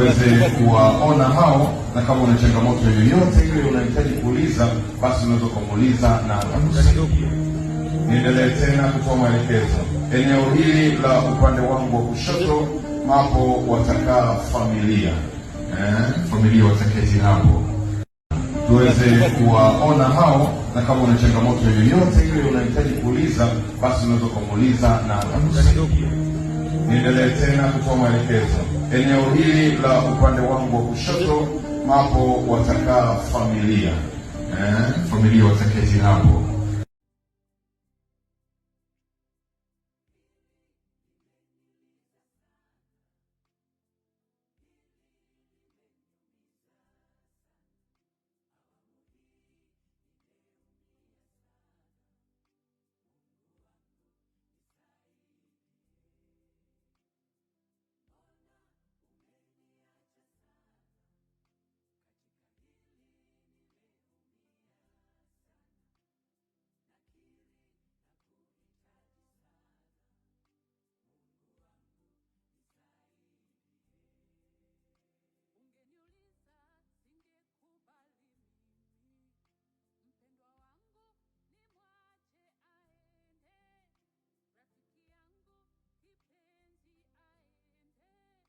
tuweze kuwaona hao, na kama una changamoto yoyote ile unahitaji kuuliza, basi unaweza kumuuliza na atakusaidia. Niendelee tena kutoa maelekezo. Eneo hili la upande wangu wa kushoto, mapo watakaa familia eh, familia wataketi hapo tuweze kuwaona hao, na kama una changamoto yoyote ile unahitaji kuuliza, basi unaweza kumuuliza na atakusaidia niendelee tena kutoa maelekezo. Eneo hili la upande wangu wa kushoto, mapo watakaa familia eh, familia wataketi hapo.